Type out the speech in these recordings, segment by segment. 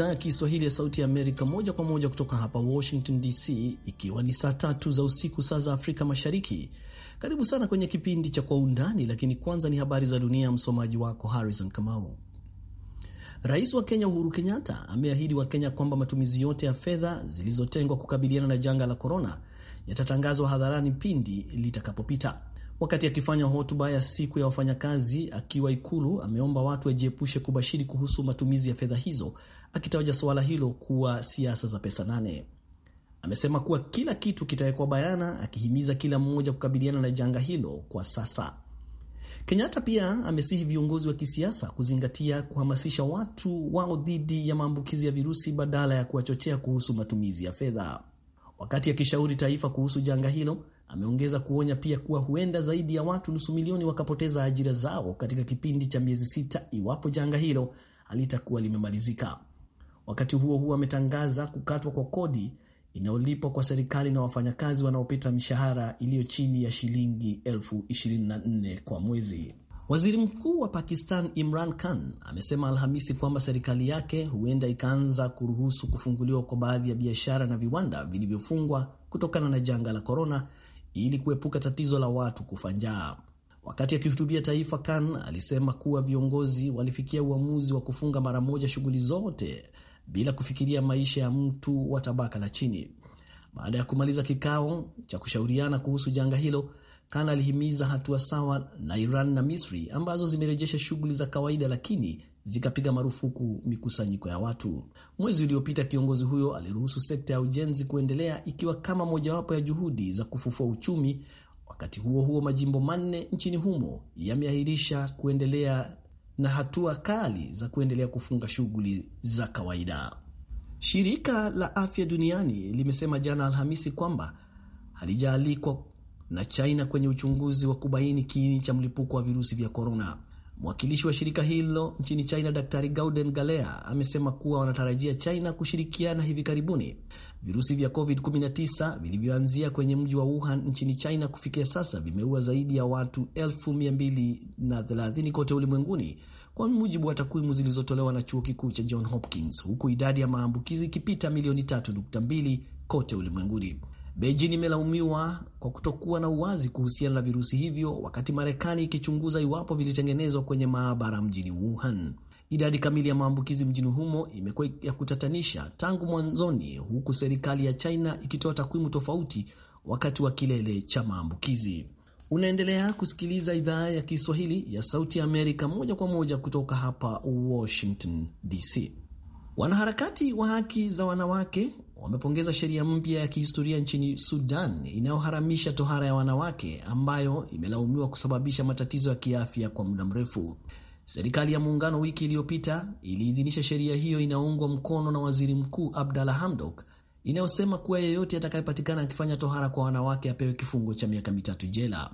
idhaa ya Kiswahili ya Sauti ya Amerika moja kwa moja kutoka hapa Washington DC, ikiwa ni saa tatu za usiku saa za Afrika Mashariki. Karibu sana kwenye kipindi cha Kwa Undani, lakini kwanza ni habari za dunia. Msomaji wako Harrison Kamau. Rais wa Kenya Uhuru Kenyatta ameahidi Wakenya kwamba matumizi yote ya fedha zilizotengwa kukabiliana na janga la korona yatatangazwa hadharani pindi litakapopita. Wakati akifanya hotuba ya siku ya wafanyakazi akiwa Ikulu, ameomba watu wajiepushe kubashiri kuhusu matumizi ya fedha hizo, akitaja suala hilo kuwa siasa za pesa nane. Amesema kuwa kila kitu kitawekwa bayana, akihimiza kila mmoja kukabiliana na janga hilo kwa sasa. Kenyatta pia amesihi viongozi wa kisiasa kuzingatia kuhamasisha watu wao dhidi ya maambukizi ya virusi badala ya kuwachochea kuhusu matumizi ya fedha. Wakati akishauri taifa kuhusu janga hilo, ameongeza kuonya pia kuwa huenda zaidi ya watu nusu milioni wakapoteza ajira zao katika kipindi cha miezi sita iwapo janga hilo halitakuwa limemalizika. Wakati huo huo, ametangaza kukatwa kwa kodi inayolipwa kwa serikali na wafanyakazi wanaopita mishahara iliyo chini ya shilingi elfu 24 kwa mwezi. Waziri Mkuu wa Pakistan Imran Khan amesema Alhamisi kwamba serikali yake huenda ikaanza kuruhusu kufunguliwa kwa baadhi ya biashara na viwanda vilivyofungwa kutokana na janga la korona ili kuepuka tatizo la watu kufa njaa. Wakati akihutubia taifa, Khan alisema kuwa viongozi walifikia uamuzi wa kufunga mara moja shughuli zote bila kufikiria maisha ya mtu wa tabaka la chini. Baada ya kumaliza kikao cha kushauriana kuhusu janga hilo, Khan alihimiza hatua sawa na Iran na Misri ambazo zimerejesha shughuli za kawaida, lakini zikapiga marufuku mikusanyiko ya watu. Mwezi uliopita, kiongozi huyo aliruhusu sekta ya ujenzi kuendelea ikiwa kama mojawapo ya juhudi za kufufua uchumi. Wakati huo huo, majimbo manne nchini humo yameahirisha kuendelea na hatua kali za kuendelea kufunga shughuli za kawaida. Shirika la Afya Duniani limesema jana Alhamisi kwamba halijaalikwa na China kwenye uchunguzi wa kubaini kiini cha mlipuko wa virusi vya korona. Mwakilishi wa shirika hilo nchini China, Daktari Gauden Galea amesema kuwa wanatarajia China kushirikiana hivi karibuni. Virusi vya COVID-19 vilivyoanzia kwenye mji wa Wuhan nchini China kufikia sasa vimeua zaidi ya watu 230 kote ulimwenguni kwa mujibu wa takwimu zilizotolewa na chuo kikuu cha John Hopkins, huku idadi ya maambukizi ikipita milioni 3.2 kote ulimwenguni. Beijing imelaumiwa kwa kutokuwa na uwazi kuhusiana na virusi hivyo, wakati Marekani ikichunguza iwapo vilitengenezwa kwenye maabara mjini Wuhan. Idadi kamili ya maambukizi mjini humo imekuwa ya kutatanisha tangu mwanzoni, huku serikali ya China ikitoa takwimu tofauti wakati wa kilele cha maambukizi. Unaendelea kusikiliza idhaa ya Kiswahili ya Sauti ya Amerika moja kwa moja kutoka hapa Washington DC. Wanaharakati wa haki za wanawake wamepongeza sheria mpya ya kihistoria nchini Sudan inayoharamisha tohara ya wanawake ambayo imelaumiwa kusababisha matatizo ya kiafya kwa muda mrefu. Serikali ya muungano wiki iliyopita iliidhinisha sheria hiyo inayoungwa mkono na waziri mkuu Abdalla Hamdok inayosema kuwa yeyote atakayepatikana akifanya tohara kwa wanawake apewe kifungo cha miaka mitatu jela.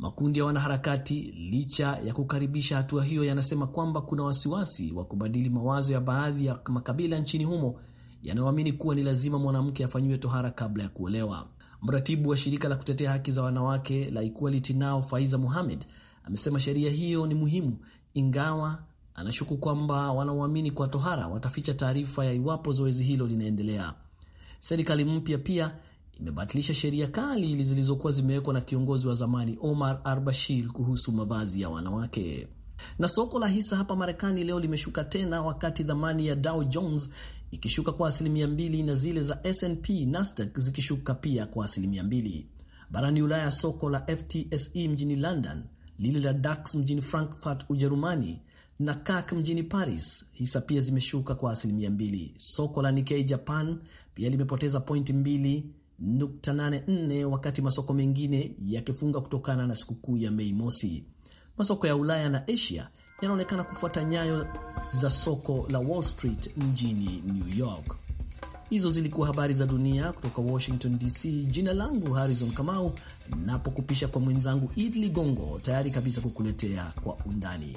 Makundi ya wanaharakati, licha ya kukaribisha hatua hiyo, yanasema kwamba kuna wasiwasi wa kubadili mawazo ya baadhi ya makabila nchini humo yanayoamini kuwa ni lazima mwanamke afanyiwe tohara kabla ya kuolewa. Mratibu wa shirika la kutetea haki za wanawake la Equality Now, Faiza Muhamed amesema sheria hiyo ni muhimu, ingawa anashuku kwamba wanaoamini kwa tohara wataficha taarifa ya iwapo zoezi hilo linaendelea. Serikali mpya pia imebatilisha sheria kali zilizokuwa zimewekwa na kiongozi wa zamani Omar al-Bashir kuhusu mavazi ya wanawake. Na soko la hisa hapa Marekani leo limeshuka tena, wakati dhamani ya Dow Jones ikishuka kwa asilimia mbili na zile za S&P Nasdaq zikishuka pia kwa asilimia mbili. Barani Ulaya, soko la FTSE mjini London, lile la DAX mjini Frankfurt Ujerumani na CAC mjini Paris hisa pia zimeshuka kwa asilimia mbili. Soko la Nikkei Japan pia limepoteza pointi mbili 0.84 wakati masoko mengine yakifunga kutokana na sikukuu ya Mei Mosi. Masoko ya Ulaya na Asia yanaonekana kufuata nyayo za soko la Wall Street mjini New York. Hizo zilikuwa habari za dunia kutoka Washington DC. Jina langu Harrison Kamau, napokupisha kwa mwenzangu Idli Gongo, tayari kabisa kukuletea kwa undani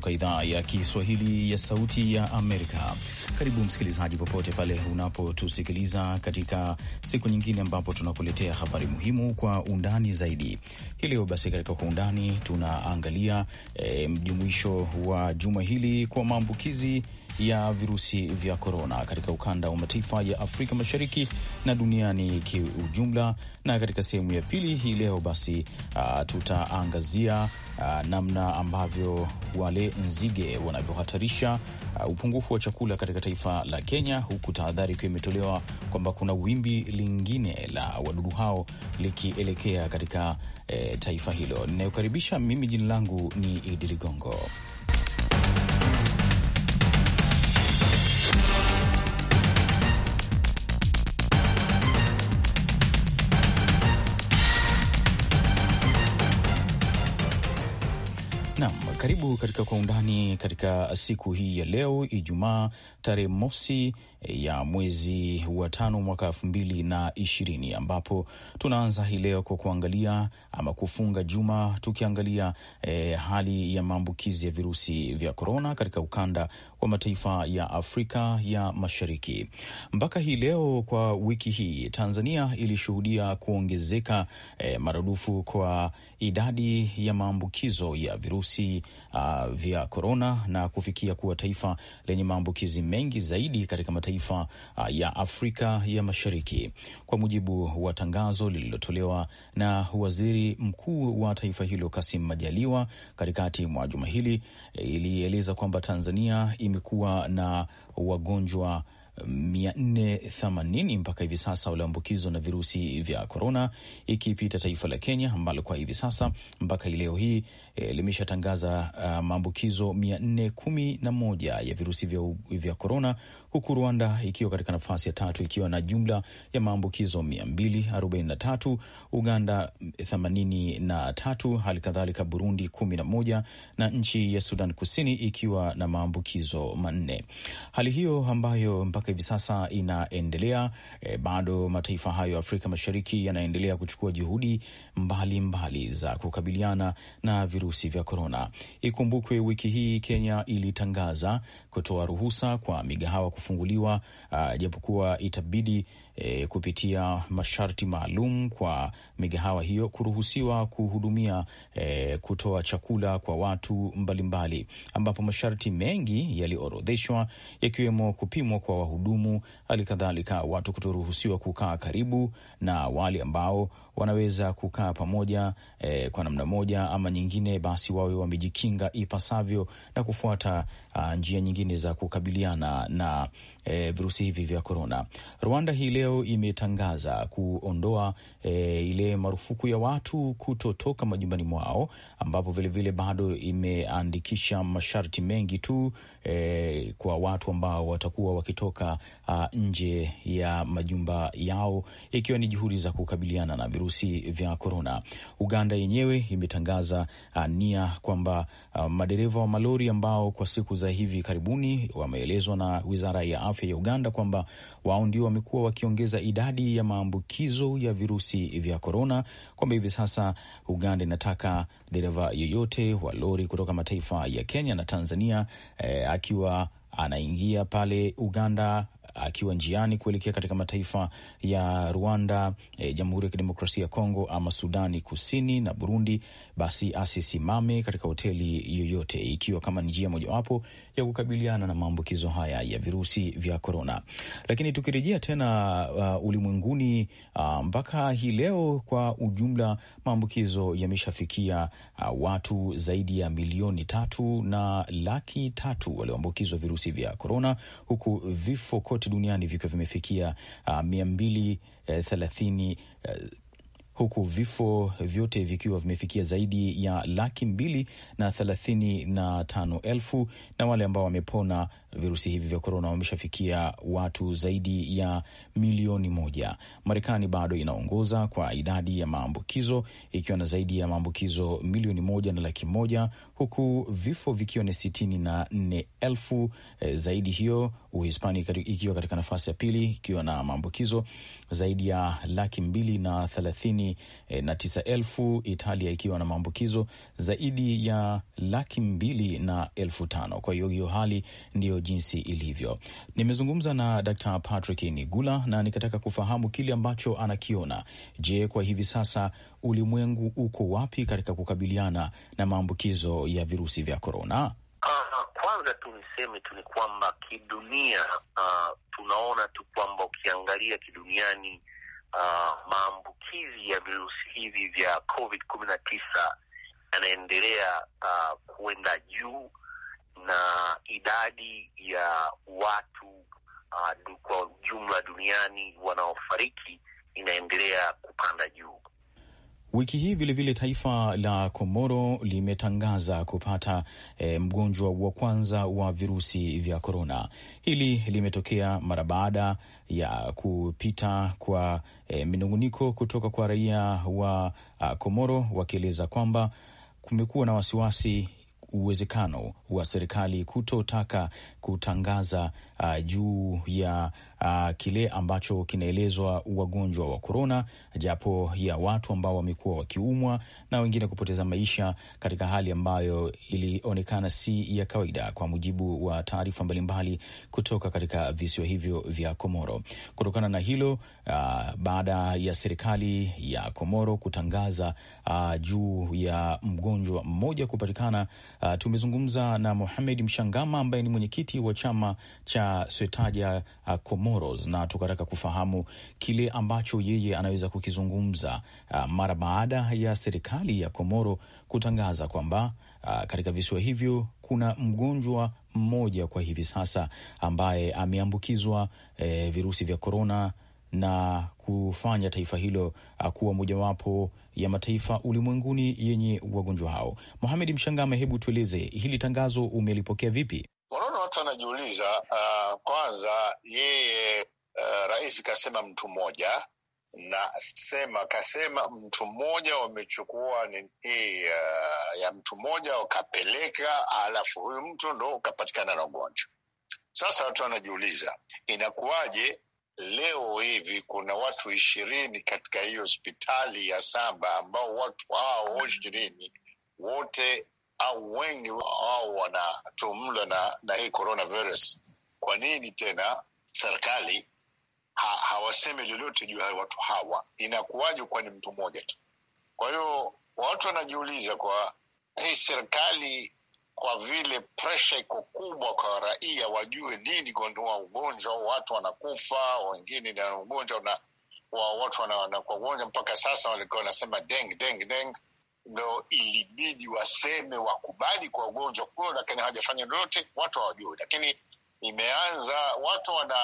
kutoka idhaa ya Kiswahili ya Sauti ya Amerika. Karibu msikilizaji, popote pale unapotusikiliza katika siku nyingine ambapo tunakuletea habari muhimu kwa undani zaidi. Hii leo basi katika kwa undani tunaangalia e, mjumuisho wa juma hili kwa maambukizi ya virusi vya korona katika ukanda wa mataifa ya Afrika Mashariki na duniani kiujumla. Na katika sehemu ya pili hii leo basi, uh, tutaangazia uh, namna ambavyo wale nzige wanavyohatarisha uh, upungufu wa chakula katika taifa la Kenya, huku tahadhari ikiwa imetolewa kwamba kuna wimbi lingine la wadudu hao likielekea katika eh, taifa hilo. Ninayokaribisha mimi, jina langu ni Idi Ligongo. Karibu katika Kwa Undani katika siku hii ya leo Ijumaa tarehe mosi eh, ya mwezi wa tano mwaka elfu mbili na ishirini ambapo tunaanza hii leo kwa kuangalia ama kufunga juma tukiangalia eh, hali ya maambukizi ya virusi vya korona katika ukanda kwa mataifa ya Afrika ya Mashariki. Mpaka hii leo kwa wiki hii Tanzania ilishuhudia kuongezeka e, maradufu kwa idadi ya maambukizo ya virusi uh, vya korona na kufikia kuwa taifa lenye maambukizi mengi zaidi katika mataifa uh, ya Afrika ya Mashariki kwa mujibu wa tangazo lililotolewa na waziri mkuu wa taifa hilo Kasim Majaliwa katikati mwa juma hili, eh, ilieleza kwamba Tanzania imekuwa na wagonjwa 480 mpaka hivi sasa walioambukizwa na virusi vya korona, ikipita taifa la Kenya ambalo kwa hivi sasa mpaka leo hii e, limeshatangaza ah, maambukizo 411 ya virusi vya korona huku Rwanda ikiwa katika nafasi ya tatu ikiwa na jumla ya maambukizo 243, Uganda 83, hali kadhalika Burundi 11 na nchi ya Sudan Kusini ikiwa na maambukizo manne. Hali hiyo ambayo mpaka hivi sasa inaendelea e, bado mataifa hayo Afrika Mashariki yanaendelea kuchukua juhudi mbalimbali mbali za kukabiliana na virusi vya korona. Ikumbukwe wiki hii Kenya ilitangaza kutoa ruhusa kwa migahawa kufunguliwa uh, japokuwa itabidi e, kupitia masharti maalum kwa migahawa hiyo kuruhusiwa kuhudumia e, kutoa chakula kwa watu mbalimbali mbali, ambapo masharti mengi yaliorodheshwa yakiwemo kupimwa kwa wahudumu, hali kadhalika watu kutoruhusiwa kukaa karibu na wale ambao wanaweza kukaa pamoja e, kwa namna moja ama nyingine, basi wawe wamejikinga ipasavyo na kufuata a, njia nyingine za kukabiliana na e, virusi hivi vya korona. Rwanda hii leo imetangaza kuondoa e, ile marufuku ya watu kutotoka majumbani mwao, ambapo vilevile bado imeandikisha masharti mengi tu e, kwa watu ambao watakuwa wakitoka a, nje ya majumba yao, ikiwa ni juhudi za kukabiliana na virusi vya korona. Uganda yenyewe imetangaza a, nia kwamba madereva wa malori ambao kwa siku za hivi karibuni wameelezwa na wizara ya afya ya Uganda kwamba wao ndio wamekuwa wakiongeza idadi ya maambukizo ya virusi vya korona, kwamba hivi sasa Uganda inataka dereva yoyote wa lori kutoka mataifa ya Kenya na Tanzania eh, akiwa anaingia pale Uganda akiwa njiani kuelekea katika mataifa ya Rwanda, e, Jamhuri ya Kidemokrasia ya Kongo ama Sudani Kusini na Burundi, basi asisimame katika hoteli yoyote, ikiwa kama njia mojawapo ya kukabiliana na maambukizo haya ya virusi vya korona. Lakini tukirejea tena uh, ulimwenguni uh, mpaka hii leo kwa ujumla maambukizo yameshafikia uh, watu zaidi ya milioni tatu na laki tatu walioambukizwa virusi vya korona, huku vifo kote duniani vikiwa vimefikia uh, mia mbili eh, thelathini uh, huku vifo vyote vikiwa vimefikia zaidi ya laki mbili na thelathini na tano elfu na wale ambao wamepona virusi hivi vya korona wameshafikia watu zaidi ya milioni moja. Marekani bado inaongoza kwa idadi ya maambukizo ikiwa na zaidi ya maambukizo milioni moja na laki moja huku vifo vikiwa ni sitini na nne elfu e, zaidi hiyo. Uhispani ikiwa katika nafasi ya pili ikiwa na maambukizo zaidi ya laki mbili na thelathini e, na tisa elfu. Italia ikiwa na maambukizo zaidi ya laki mbili na elfu tano. Kwa hiyo hiyo hali ndiyo jinsi ilivyo. Nimezungumza na Dr. Patrick Nigula na nikataka kufahamu kile ambacho anakiona. Je, kwa hivi sasa ulimwengu uko wapi katika kukabiliana na maambukizo ya virusi vya korona? Uh, ah, kwanza tu niseme tu ni kwamba kidunia, uh, tunaona tu kwamba ukiangalia kiduniani, uh, maambukizi ya virusi hivi vya COVID kumi na tisa yanaendelea uh, kuenda juu na idadi ya watu uh, kwa jumla duniani wanaofariki inaendelea kupanda juu. Wiki hii vilevile vile taifa la Komoro limetangaza kupata e, mgonjwa wa kwanza wa virusi vya korona. Hili limetokea mara baada ya kupita kwa e, minunguniko kutoka kwa raia wa a, uh, Komoro wakieleza kwamba kumekuwa na wasiwasi uwezekano wa serikali kutotaka kutangaza uh, juu ya uh, kile ambacho kinaelezwa wagonjwa wa korona, japo ya watu ambao wamekuwa wakiumwa na wengine kupoteza maisha katika hali ambayo ilionekana si ya kawaida, kwa mujibu wa taarifa mbalimbali kutoka katika visiwa hivyo vya Komoro. Kutokana na hilo, uh, baada ya serikali ya Komoro kutangaza uh, juu ya mgonjwa mmoja kupatikana Uh, tumezungumza na Mohamed Mshangama ambaye ni mwenyekiti wa chama cha Swetaja uh, Comoros, na tukataka kufahamu kile ambacho yeye anaweza kukizungumza uh, mara baada ya serikali ya Komoro kutangaza kwamba uh, katika visiwa hivyo kuna mgonjwa mmoja kwa hivi sasa ambaye ameambukizwa eh, virusi vya korona na kufanya taifa hilo uh, kuwa mojawapo ya mataifa ulimwenguni yenye wagonjwa hao. Mohamed Mshangama, hebu tueleze hili tangazo umelipokea vipi? Unaona, watu wanajiuliza. Uh, kwanza yeye uh, rais kasema mtu mmoja na sema kasema mtu mmoja wamechukua nini uh, ya mtu mmoja wakapeleka, alafu huyu mtu ndo ukapatikana na ugonjwa. Sasa watu wanajiuliza inakuwaje Leo hivi kuna watu ishirini katika hiyo hospitali ya saba ambao watu hao mm. ishirini wote au wengi wao wanatumla na, na hii coronavirus. Kwa nini tena serikali ha, hawasemi lolote juu ya watu hawa? Inakuwaje kwa ni mtu mmoja tu? Kwa hiyo watu wanajiuliza kwa hii serikali kwa vile presha iko kubwa kwa raia, wajue nini gondua ugonjwa, watu wanakufa, wengine na ugonjwa na wa watu wanakuwa ugonjwa. Mpaka sasa walikuwa wanasema deng deng deng, ndo ilibidi waseme wakubali kwa ugonjwa kuo, lakini hawajafanya lolote, watu hawajui. Lakini imeanza watu wana,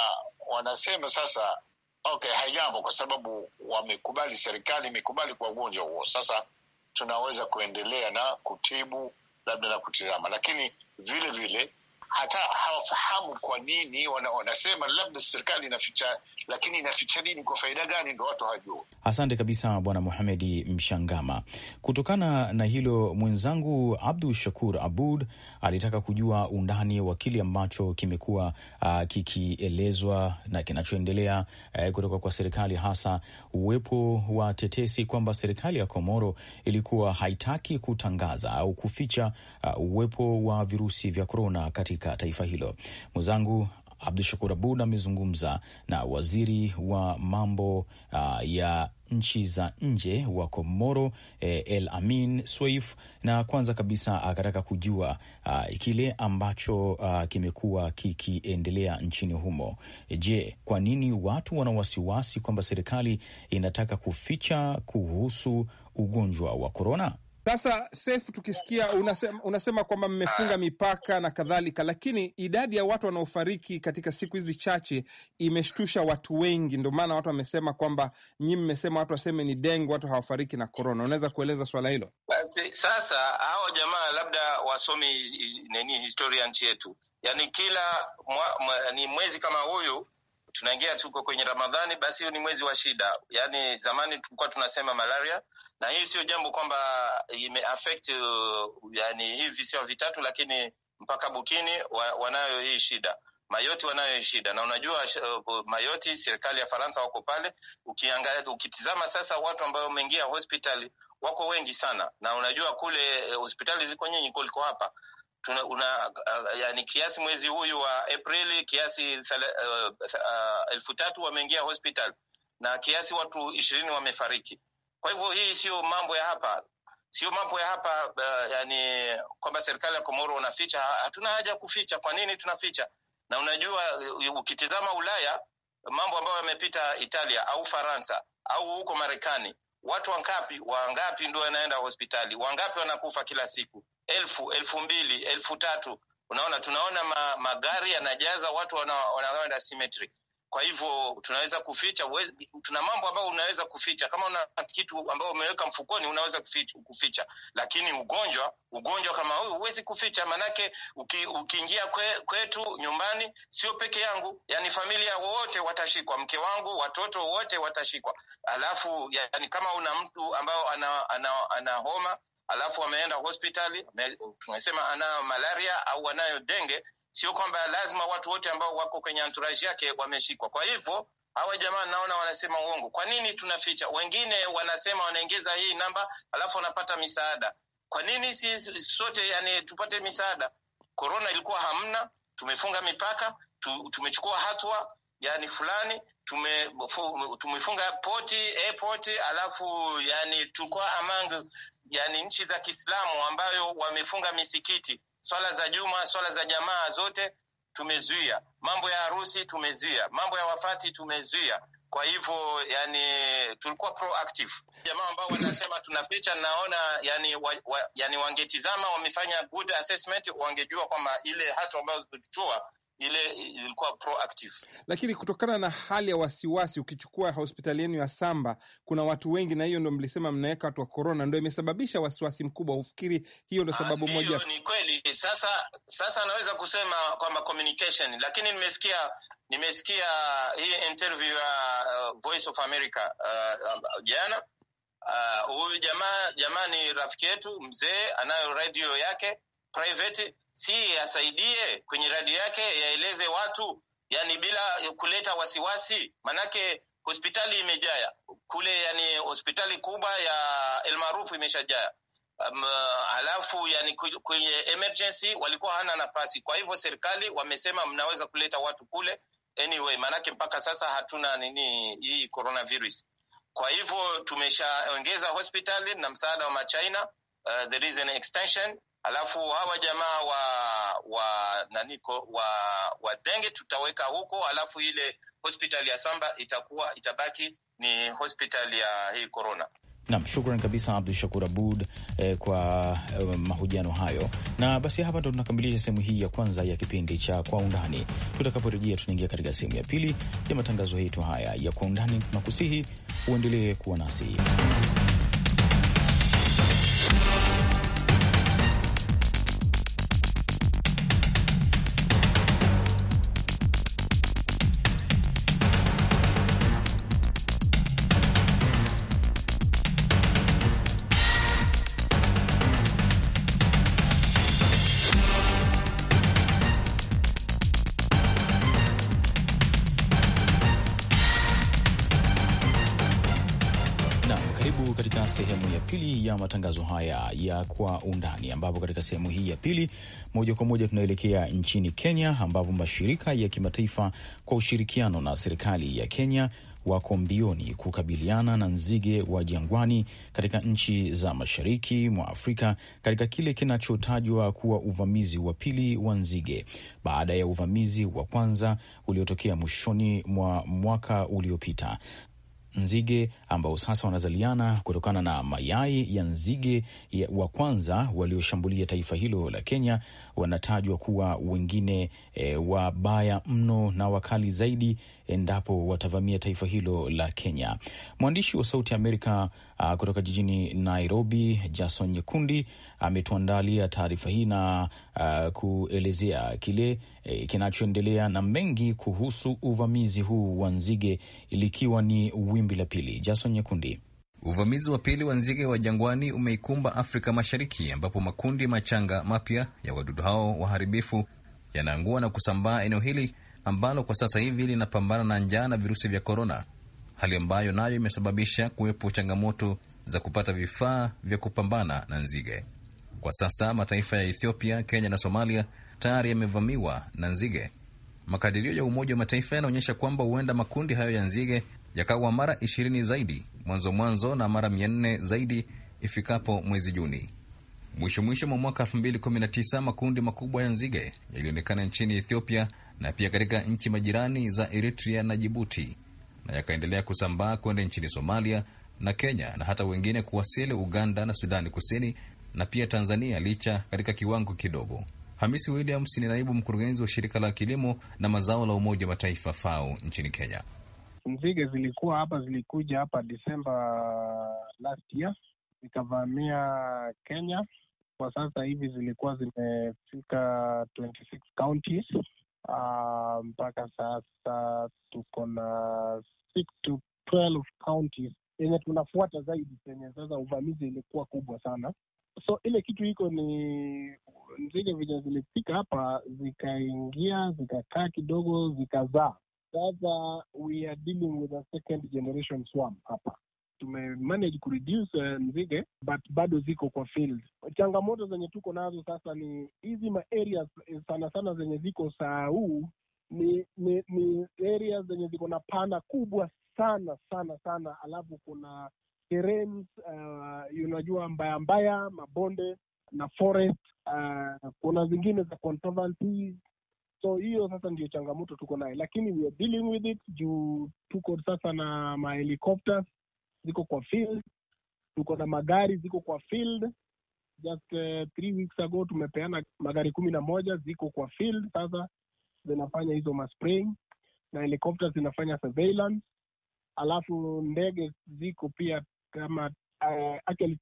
wanasema sasa okay, haijambo kwa sababu wamekubali, serikali imekubali kwa ugonjwa huo, sasa tunaweza kuendelea na kutibu labda la kutizama, lakini vile vile hata hawafahamu kwa nini wanasema, labda serikali inaficha, lakini inaficha nini? Kwa faida gani? Ndo watu hawajua. Asante kabisa Bwana Muhamedi Mshangama. Kutokana na hilo, mwenzangu Abdu Shakur Abud alitaka kujua undani wa kile ambacho kimekuwa uh, kikielezwa na kinachoendelea uh, kutoka kwa serikali, hasa uwepo wa tetesi kwamba serikali ya Komoro ilikuwa haitaki kutangaza au kuficha uh, uwepo wa virusi vya korona katika taifa hilo. Mwenzangu abdu shakur Abud amezungumza na waziri wa mambo uh, ya nchi za nje wa Komoro eh, El Amin Swaif, na kwanza kabisa akataka kujua uh, kile ambacho uh, kimekuwa kikiendelea nchini humo. Je, kwa nini watu wana wasiwasi kwamba serikali inataka kuficha kuhusu ugonjwa wa korona? Sasa Sef, tukisikia unasema, unasema kwamba mmefunga ah. mipaka na kadhalika, lakini idadi ya watu wanaofariki katika siku hizi chache imeshtusha watu wengi. Ndio maana watu wamesema kwamba nyi mmesema watu waseme ni dengue, watu hawafariki na korona. Unaweza kueleza swala hilo? Basi sasa hao jamaa labda wasomi nini historia nchi yetu, yani kila mwa, mwa, ni mwezi kama huyu tunaingia tuko kwenye Ramadhani, basi hiyo ni mwezi wa shida. Yaani zamani tulikuwa tunasema malaria, na hii sio jambo kwamba imeaffect uh, yani hii visiwa vitatu, lakini mpaka Bukini wa, wanayo hii shida Mayoti wanayo shida na unajua, uh, Mayoti serikali ya Faransa wako pale. Ukiangalia, ukitizama sasa, watu ambao wameingia hospitali wako wengi sana, na unajua kule uh, hospitali ziko nyinyi kuliko hapa tuna, una, uh, yani kiasi mwezi huyu wa Aprili kiasi uh, uh, elfu tatu wameingia hospital na kiasi watu ishirini wamefariki. Kwa hivyo hii sio mambo ya hapa, sio mambo ya hapa uh, yani kwamba serikali ya Komoro unaficha. Hatuna haja ya kuficha. Kwa nini tunaficha? Na unajua uh, ukitizama Ulaya mambo ambayo yamepita Italia au Faransa au huko Marekani, watu wangapi wangapi ndio wanaenda hospitali, wangapi wanakufa kila siku? elfu elfu mbili elfu tatu Unaona, tunaona ma, magari yanajaza watu wanaenda cemetery. Kwa hivyo tunaweza kuficha, tuna mambo ambayo unaweza kuficha. Kama una kitu ambayo umeweka mfukoni, unaweza kuficha, lakini ugonjwa ugonjwa kama huu huwezi kuficha, manake uki, kwe, kwetu nyumbani, sio peke yangu, yani familia wote watashikwa, mke wangu, watoto wote watashikwa. Alafu yani kama una mtu ambao ana, ana, ana, ana homa alafu ameenda hospitali, tumesema anayo malaria au anayo denge, sio kwamba lazima watu wote ambao wako kwenye anturaji yake wameshikwa. Kwa hivyo hawa jamaa naona wanasema uongo. Kwa nini tunaficha? Wengine wanasema wanaingiza hii namba alafu wanapata misaada. Kwa nini si sote yani tupate misaada? Korona ilikuwa hamna, tumefunga mipaka tu, tumechukua hatua yani fulani tume, tumefunga poti airport, alafu yani tulikuwa among yani nchi za Kiislamu ambayo wamefunga misikiti, swala za juma, swala za jamaa zote tumezuia, mambo ya harusi tumezuia, mambo ya wafati tumezuia. Kwa hivyo yani tulikuwa proactive. Jamaa ambao wanasema tunaficha, naona yani, wa, wa, yani wangetizama wamefanya good assessment, wangejua kwamba ile hatua ambayo tulichukua ile ilikuwa proactive. Lakini kutokana na hali ya wasiwasi, ukichukua hospitali yenu ya Samba kuna watu wengi, na hiyo ndo mlisema mnaweka watu wa korona, ndo imesababisha wasiwasi mkubwa. Ufikiri hiyo ndo ah, sababu moja? Ni kweli. Sasa sasa naweza kusema kwamba communication, lakini nimesikia nimesikia hii interview ya uh, Voice of America uh, um, jana uh, huyu uh, jamaa jamaa ni rafiki yetu mzee, anayo radio yake private si asaidie kwenye radi yake, yaeleze watu yani, bila kuleta wasiwasi, manake hospitali imejaya kule, yani hospitali kubwa ya elmaarufu imeshajaya. Um, uh, halafu yani kwenye emergency walikuwa hana nafasi, kwa hivyo serikali wamesema mnaweza kuleta watu kule anyway, manake mpaka sasa hatuna nini hii coronavirus. Kwa hivyo tumeshaongeza hospitali na msaada wa machina, uh, there is an extension Alafu hawa jamaa wa wa naniko wa wa denge tutaweka huko, alafu ile hospitali ya Samba itakuwa itabaki ni hospitali ya hii corona. Nam, shukran kabisa Abdu Shakur Abud eh, kwa eh, mahojiano hayo. Na basi hapa ndo tunakamilisha sehemu hii ya kwanza ya kipindi cha Kwa Undani. Tutakaporejea tunaingia katika sehemu ya pili ya matangazo yetu haya ya Kwa Undani. Tunakusihi uendelee kuwa nasi. katika sehemu ya pili ya matangazo haya ya kwa undani, ambapo katika sehemu hii ya pili moja kwa moja tunaelekea nchini Kenya, ambapo mashirika ya kimataifa kwa ushirikiano na serikali ya Kenya wako mbioni kukabiliana na nzige wa jangwani katika nchi za mashariki mwa Afrika katika kile kinachotajwa kuwa uvamizi wa pili wa nzige baada ya uvamizi wa kwanza uliotokea mwishoni mwa mwaka uliopita nzige ambao sasa wanazaliana kutokana na mayai ya nzige wa kwanza walioshambulia taifa hilo la Kenya. Wanatajwa kuwa wengine e, wabaya mno na wakali zaidi endapo watavamia taifa hilo la Kenya. Mwandishi wa Sauti ya Amerika uh, kutoka jijini Nairobi, Jason Nyekundi ametuandalia taarifa hii na uh, kuelezea kile eh, kinachoendelea na mengi kuhusu uvamizi huu wa nzige likiwa ni wimbi la pili. Jason Nyekundi. Uvamizi wa pili wa nzige wa jangwani umeikumba Afrika Mashariki, ambapo makundi machanga mapya ya wadudu hao waharibifu yanaangua na kusambaa eneo hili ambalo kwa sasa hivi linapambana na njaa na virusi vya korona, hali ambayo nayo imesababisha kuwepo changamoto za kupata vifaa vya kupambana na nzige. Kwa sasa mataifa ya Ethiopia, Kenya na Somalia tayari yamevamiwa na nzige. Makadirio ya Umoja wa Mataifa yanaonyesha kwamba huenda makundi hayo ya nzige yakawa mara ishirini zaidi mwanzo mwanzo na mara mia nne zaidi ifikapo mwezi Juni. Mwisho mwisho mwa mwaka elfu mbili kumi na tisa makundi makubwa ya nzige yalionekana nchini Ethiopia na pia katika nchi majirani za Eritrea na Jibuti, na yakaendelea kusambaa kwenda nchini Somalia na Kenya na hata wengine kuwasili Uganda na Sudani Kusini na pia Tanzania, licha katika kiwango kidogo. Hamisi Williams ni naibu mkurugenzi wa shirika la kilimo na mazao la Umoja wa Mataifa FAO nchini Kenya. Nzige zilikuwa hapa, zilikuja hapa Desemba last year zikavamia Kenya. Kwa sasa hivi zilikuwa zimefika 26 counties mpaka ah, mpaka sasa tuko na six to counties yenye tunafuata zaidi, penye sasa uvamizi ilikuwa kubwa sana. So ile kitu iko ni nzige vinye zilifika hapa zikaingia zikakaa kidogo zikazaa. Sasa we are dealing with a second generation swarm hapa tumemanage kureduce uh, nzige but bado ziko kwa field. Changamoto zenye tuko nazo sasa ni hizi ma areas eh, sana sana zenye ziko saa huu ni, ni, ni areas zenye ziko na pana kubwa sana sana sana, alafu kuna terrains uh, unajua mbaya mbaya, mabonde na forest uh, kuna zingine za controversies so hiyo sasa ndio changamoto tuko naye, lakini we are dealing with it juu tuko sasa na mahelicopters ziko kwa field, tuko na magari ziko kwa field. Just uh, three weeks ago tumepeana magari kumi na moja ziko kwa field sasa, zinafanya hizo maspraying na helicopters zinafanya surveillance, alafu ndege ziko pia kama uh, actually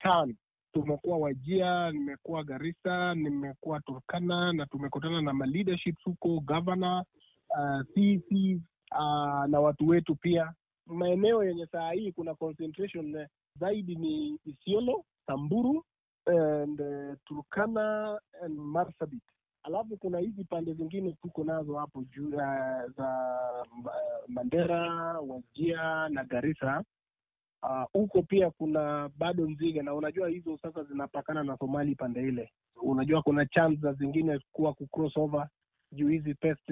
tumekuwa Wajia, nimekuwa Garissa, nimekuwa Turkana na tumekutana na maleaderships huko, governor uh, CC uh, na watu wetu pia maeneo yenye saa hii kuna concentration eh, zaidi ni Isiolo, Samburu and uh, Turkana and Marsabit, alafu kuna hizi pande zingine tuko nazo hapo juu uh, za uh, Mandera, Wajia na Garissa ah, huko uh, pia kuna bado Nzige, na unajua hizo sasa zinapakana na Somali pande ile. Unajua kuna chance zingine kuwa ku juu hizi pest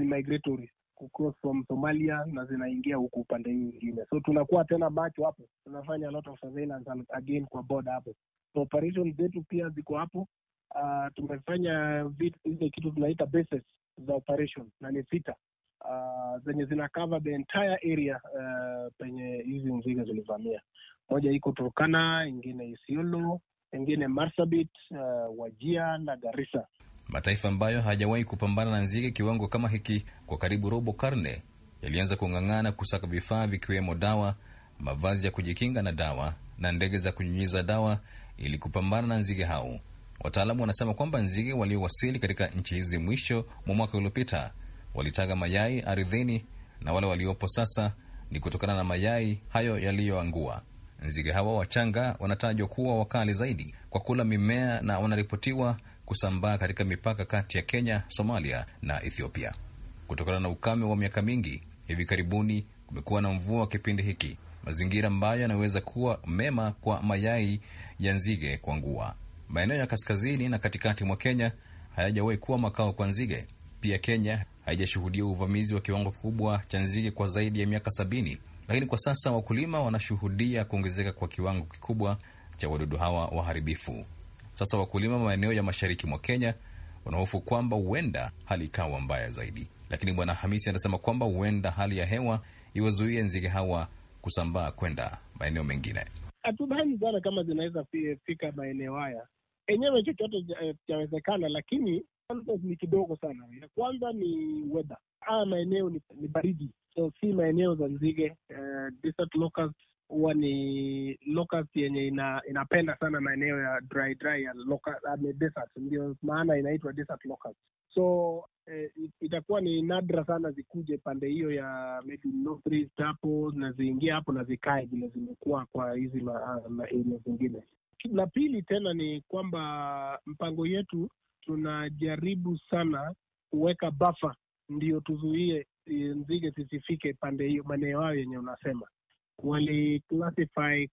kucross from Somalia na zinaingia huku upande hii ingine, so tunakuwa tena macho hapo, tunafanya lot of surveillance and again kwa boda hapo, so operation zetu pia ziko hapo. Uh, tumefanya ile kitu tunaita bases za operation na ni sita uh, zenye zina cover the entire area uh, penye hizi nzige zilivamia. Moja iko Turkana, ingine Isiolo, ingine Marsabit, uh, eh, Wajia na Garissa. Mataifa ambayo hayajawahi kupambana na nzige kiwango kama hiki kwa karibu robo karne yalianza kung'ang'ana kusaka vifaa vikiwemo dawa, mavazi ya kujikinga na dawa na ndege za kunyunyiza dawa ili kupambana na nzige hao. Wataalamu wanasema kwamba nzige waliowasili katika nchi hizi mwisho mwa mwaka uliopita walitaga mayai ardhini na wale waliopo sasa ni kutokana na mayai hayo yaliyoangua. Nzige hawa wachanga wanatajwa kuwa wakali zaidi kwa kula mimea na wanaripotiwa kusambaa katika mipaka kati ya Kenya, Somalia na Ethiopia. Kutokana na ukame wa miaka mingi, hivi karibuni kumekuwa na mvua wa kipindi hiki, mazingira ambayo yanaweza kuwa mema kwa mayai ya nzige kuangua. Maeneo ya kaskazini na katikati mwa Kenya hayajawahi kuwa makao kwa nzige. Pia Kenya haijashuhudia uvamizi wa kiwango kikubwa cha nzige kwa zaidi ya miaka sabini, lakini kwa sasa wakulima wanashuhudia kuongezeka kwa kiwango kikubwa cha wadudu hawa waharibifu. Sasa wakulima maeneo ya mashariki mwa Kenya wanahofu kwamba huenda hali ikawa mbaya zaidi, lakini Bwana Hamisi anasema kwamba huenda hali ya hewa iwazuie nzige hawa kusambaa kwenda maeneo mengine. Hatudhani sana kama zinaweza fika maeneo haya, enyewe chochote chawezekana, eh, lakini ni kidogo sana. Ya kwanza ni weather, haya maeneo ni, ni baridi, so si maeneo za nzige uh, huwa ni locust yenye ina, inapenda sana maeneo ya dry dry ya locust, desert, ndio maana inaitwa desert locust. So eh, itakuwa ni nadra sana zikuje pande hiyo ya maybe north east hapo na ziingie hapo na zikae vile zimekuwa kwa hizi maeneo ah, zingine. La pili tena ni kwamba mpango yetu tunajaribu sana kuweka bafa ndio tuzuie eh, nzige zisifike pande hiyo maeneo hayo yenye unasema waliclassify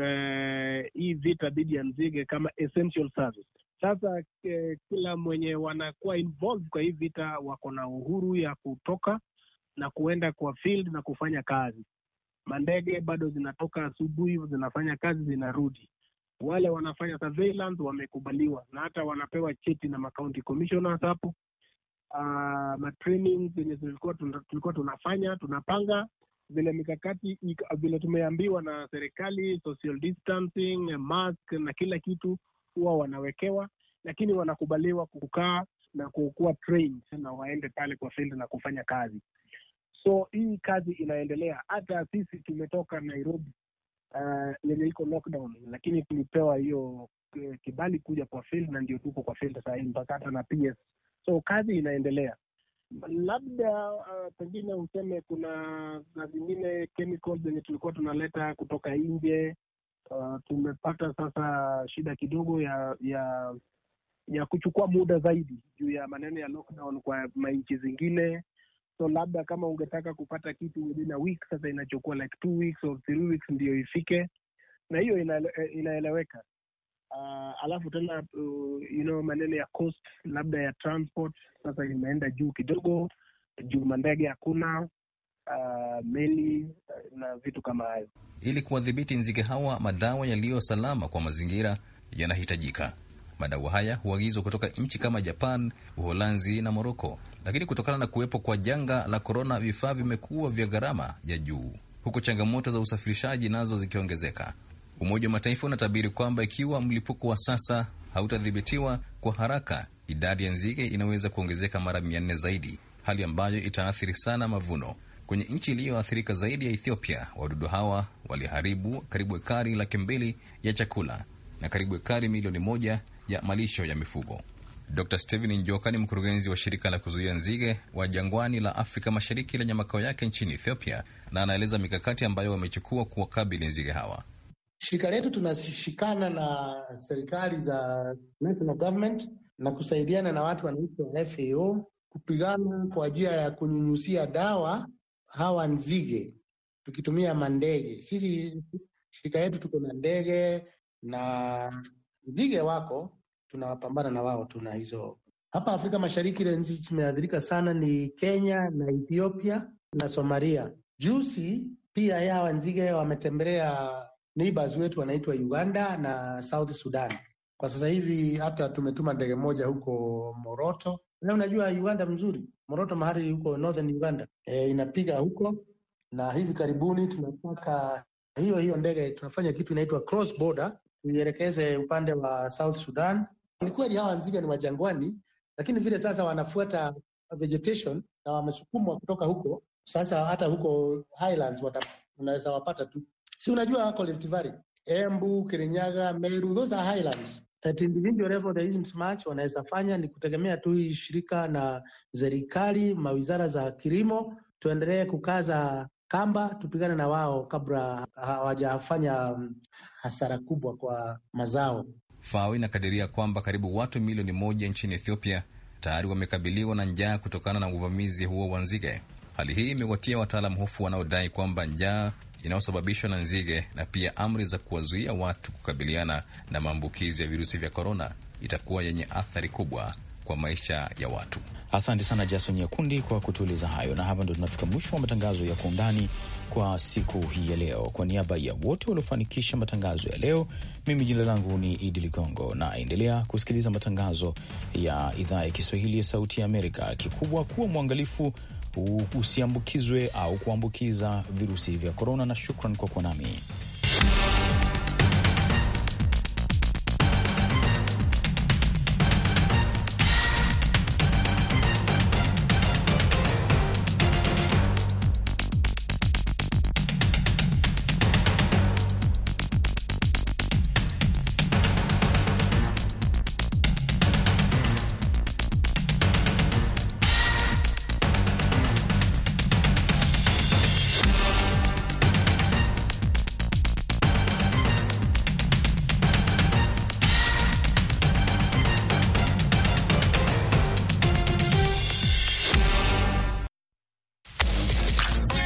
eh, hii vita dhidi ya nzige kama essential service. Sasa eh, kila mwenye wanakuwa involved kwa hii vita wako na uhuru ya kutoka na kuenda kwa field na kufanya kazi. Mandege bado zinatoka asubuhi, zinafanya kazi, zinarudi. Wale wanafanya surveillance wamekubaliwa na hata wanapewa cheti na macounty commissioners hapo. Uh, ah, matrainings zenye tulikuwa tunafanya tunapanga vile mikakati vile tumeambiwa na serikali, social distancing, mask na kila kitu huwa wanawekewa, lakini wanakubaliwa kukaa na kukuwa trained na waende pale kwa field na kufanya kazi. So hii kazi inaendelea. Hata sisi tumetoka Nairobi eh, yenye uh, iko lockdown, lakini tulipewa hiyo eh, kibali kuja kwa field na ndio tuko kwa field sahii mpaka hata na PS. So kazi inaendelea labda uh, pengine useme kuna na zingine chemicals zenye tulikuwa tunaleta kutoka nje uh, tumepata sasa shida kidogo ya ya ya kuchukua muda zaidi juu ya maneno ya lockdown kwa manchi zingine so labda kama ungetaka kupata kitu within a week sasa inachukua like two weeks or three weeks ndio ifike na hiyo eh, inaeleweka uh, alafu tena uh, you know, maneno ya cost labda ya transport sasa imeenda juu kidogo juu mandege hakuna uh, meli ah, na vitu kama hayo. Ili kuwadhibiti nzige hawa, madawa yaliyo salama kwa mazingira yanahitajika. Madawa haya huagizwa kutoka nchi kama Japan, Uholanzi na Moroko, lakini kutokana na kuwepo kwa janga la korona, vifaa vimekuwa vya gharama ya juu, huku changamoto za usafirishaji nazo zikiongezeka. Umoja wa Mataifa unatabiri kwamba ikiwa mlipuko wa sasa hautadhibitiwa kwa haraka, idadi ya nzige inaweza kuongezeka mara mia nne zaidi, hali ambayo itaathiri sana mavuno. Kwenye nchi iliyoathirika zaidi ya Ethiopia, wadudu hawa waliharibu karibu ekari laki mbili ya chakula na karibu ekari milioni moja ya malisho ya mifugo. Dr Steven Njoka ni mkurugenzi wa shirika la kuzuia nzige wa jangwani la Afrika Mashariki lenye makao yake nchini Ethiopia, na anaeleza mikakati ambayo wamechukua kuwakabili nzige hawa. Shirika letu tunashikana na serikali za national government na kusaidiana na watu wanaitwa FAO kupigana kwa ajia ya kunyunyuzia dawa hawa nzige tukitumia mandege. Sisi shirika yetu tuko na ndege na nzige wako, tunawapambana na wao, tuna hizo hapa Afrika Mashariki. Ile nchi zimeathirika sana ni Kenya na Ethiopia na Somalia. Juzi pia yawa nzige wametembelea neighbors wetu wanaitwa Uganda na South Sudan. Kwa sasa hivi hata tumetuma ndege moja huko Moroto. Na unajua Uganda mzuri, Moroto mahali huko northern Uganda e, inapiga huko, na hivi karibuni tunataka hiyo hiyo ndege, tunafanya kitu inaitwa cross border, tuielekeze upande wa South Sudan. Ni kweli hawa nzige ni wajangwani, lakini vile sasa wanafuata vegetation na wamesukumwa kutoka huko. Sasa hata huko highlands wanaweza wapata tu Si unajua collective area Embu, Kirinyaga, Meru, those are highlands at individual level there isn't much wanaweza fanya, ni kutegemea tu hii shirika na serikali, mawizara za kilimo, tuendelee kukaza kamba, tupigane na wao kabla hawajafanya um, hasara kubwa kwa mazao. FAO inakadiria kwamba karibu watu milioni moja nchini Ethiopia tayari wamekabiliwa na njaa kutokana na uvamizi huo wa nzige. Hali hii imewatia wataalam hofu wanaodai kwamba njaa inayosababishwa na nzige na pia amri za kuwazuia watu kukabiliana na maambukizi ya virusi vya korona itakuwa yenye athari kubwa kwa maisha ya watu. Asante sana Jason Nyakundi kwa kutueleza hayo, na hapa ndo tunafika mwisho wa matangazo ya Kwa Undani kwa siku hii ya leo. Kwa niaba ya wote waliofanikisha matangazo ya leo, mimi jina langu ni Idi Ligongo, na endelea kusikiliza matangazo ya idhaa ya Kiswahili ya Sauti ya Amerika. Kikubwa kuwa mwangalifu usiambukizwe au kuambukiza virusi vya korona, na shukran kwa kuwa nami.